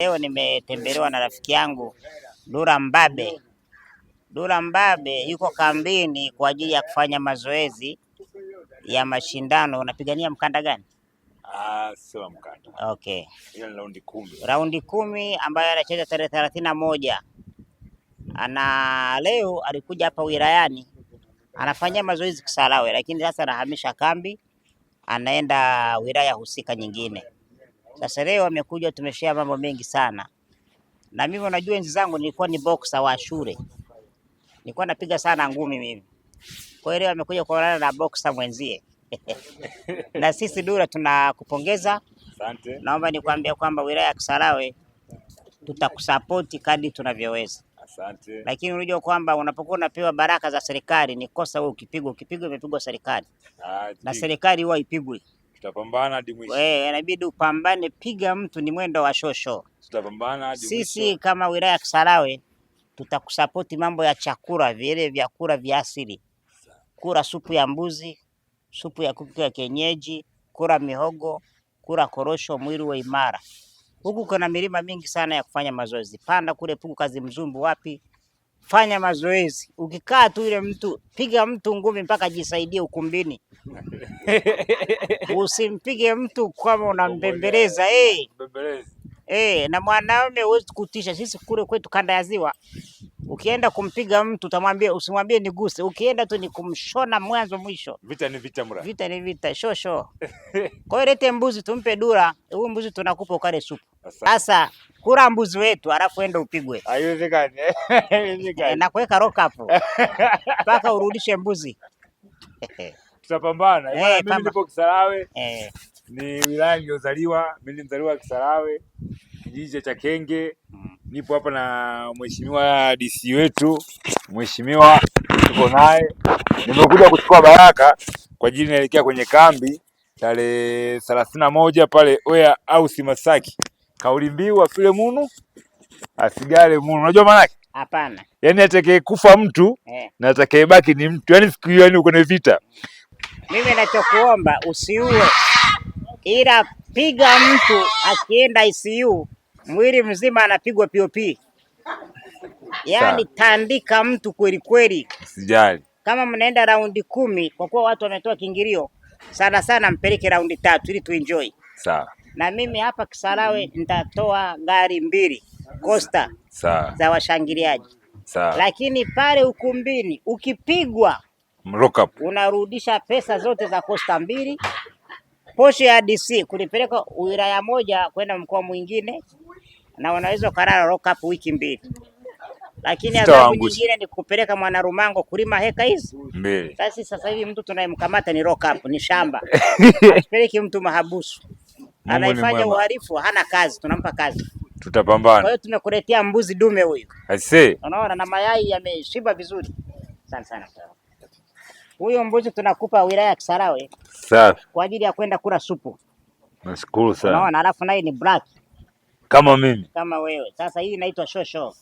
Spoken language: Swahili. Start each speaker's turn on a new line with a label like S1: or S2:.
S1: Leo nimetembelewa na rafiki yangu Dura Mbabe. Dura Mbabe yuko kambini kwa ajili ya kufanya mazoezi ya mashindano. Unapigania mkanda gani?
S2: Ah, sio mkanda. Okay. Ile raundi kumi.
S1: Raundi kumi ambayo anacheza tarehe thelathini na moja ana leo alikuja hapa wilayani anafanyia mazoezi Kisarawe, lakini sasa anahamisha kambi, anaenda wilaya husika nyingine. Sasa leo amekuja, tumeshare mambo mengi sana na mimi. Unajua enzi zangu nilikuwa ni boxer wa shule, nilikuwa napiga sana ngumi mimi. Kwa hiyo leo amekuja kuonana na boxer mwenzie na sisi Dura tunakupongeza. Asante. Naomba nikwambie kwamba wilaya ya Kisarawe tutakusapoti kadri tunavyoweza. Asante. Lakini unajua kwamba unapokuwa unapewa baraka za serikali ni kosa wewe ukipigwa, ukipigwa imepigwa serikali. Ah, na serikali huwa ipigwi
S2: tutapambana hadi mwisho.
S1: Eh, inabidi upambane, piga mtu, ni mwendo wa shosho.
S2: Tutapambana hadi mwisho.
S1: Sisi kama wilaya ya Kisarawe tutakusapoti mambo ya chakula, vile vyakula vya asili, kula supu ya mbuzi, supu ya kuku ya kienyeji, kula mihogo, kula korosho, mwili wa imara. Huku kuna milima mingi sana ya kufanya mazoezi, panda kule Pugu, kazi mzumbu, wapi fanya mazoezi. Ukikaa tu ile mtu piga mtu ngumi mpaka jisaidie ukumbini. Usimpige mtu kama unambembeleza eh. Eh, na mwanaume huwezi kutisha. Sisi kule kwetu kanda ya Ziwa, ukienda kumpiga mtu utamwambia, usimwambie niguse, ukienda tu ni kumshona mwanzo mwisho.
S2: Vita ni vita, mura.
S1: vita ni vita, sho sho. Kwa hiyo lete mbuzi tumpe dura, huyu mbuzi tunakupa ukale supu. Sasa kula mbuzi wetu alafu enda upigwe,
S2: haiwezekani Haiwezekani. Eh,
S1: na kuweka rock up mpaka urudishe mbuzi
S2: tutapambana. Yaani, hey, eh, mimi nipo Kisarawe hey. Eh. Ni wilaya iliyozaliwa mimi, mzaliwa Kisarawe kijiji cha Chakenge mm. Nipo hapa na mheshimiwa DC wetu, mheshimiwa tuko naye, nimekuja kuchukua baraka kwa ajili naelekea kwenye kambi tarehe thelathini na moja pale Oya au Simasaki. Kauli mbiu afile munu asigale munu, unajua maana yake? Hapana, yani atakayekufa mtu yeah, na atakayebaki ni mtu, yani siku hiyo, yani uko na vita
S1: mimi nachokuomba usiue, ila piga mtu akienda ICU mwili mzima anapigwa POP, yaani tandika mtu kweli kweli. Sijali kama mnaenda raundi kumi, kwa kuwa watu wametoa kiingilio sana sana, mpeleke raundi tatu ili tuenjoy. Sawa. Na mimi hapa Kisarawe nitatoa gari mbili Costa Sawa. za washangiliaji Sawa. Lakini pale ukumbini ukipigwa up. Unarudisha pesa zote za kosta mbili. Posho ya DC kulipeleka wilaya moja kwenda mkoa mwingine, na wanaweza lock up wiki mbili, lakini adhabu nyingine ni kupeleka mwana Rumango kulima heka hizi mbili. Sasa sasa hivi mtu tunayemkamata ni up, ni shamba asipeleki mtu mahabusu, anaifanya uhalifu, hana kazi, tunampa kazi
S2: Tutapambana. Kwa
S1: hiyo tumekuletea mbuzi dume huyu, unaona, na mayai yameshiba vizuri sana sana. Huyo mbuzi tunakupa wilaya ya Kisarawe safi, kwa ajili ya kwenda kula supu.
S2: Nashukuru sana.
S1: Unaona, alafu naye ni black
S2: kama mimi,
S1: kama wewe. Sasa hii inaitwa shosho.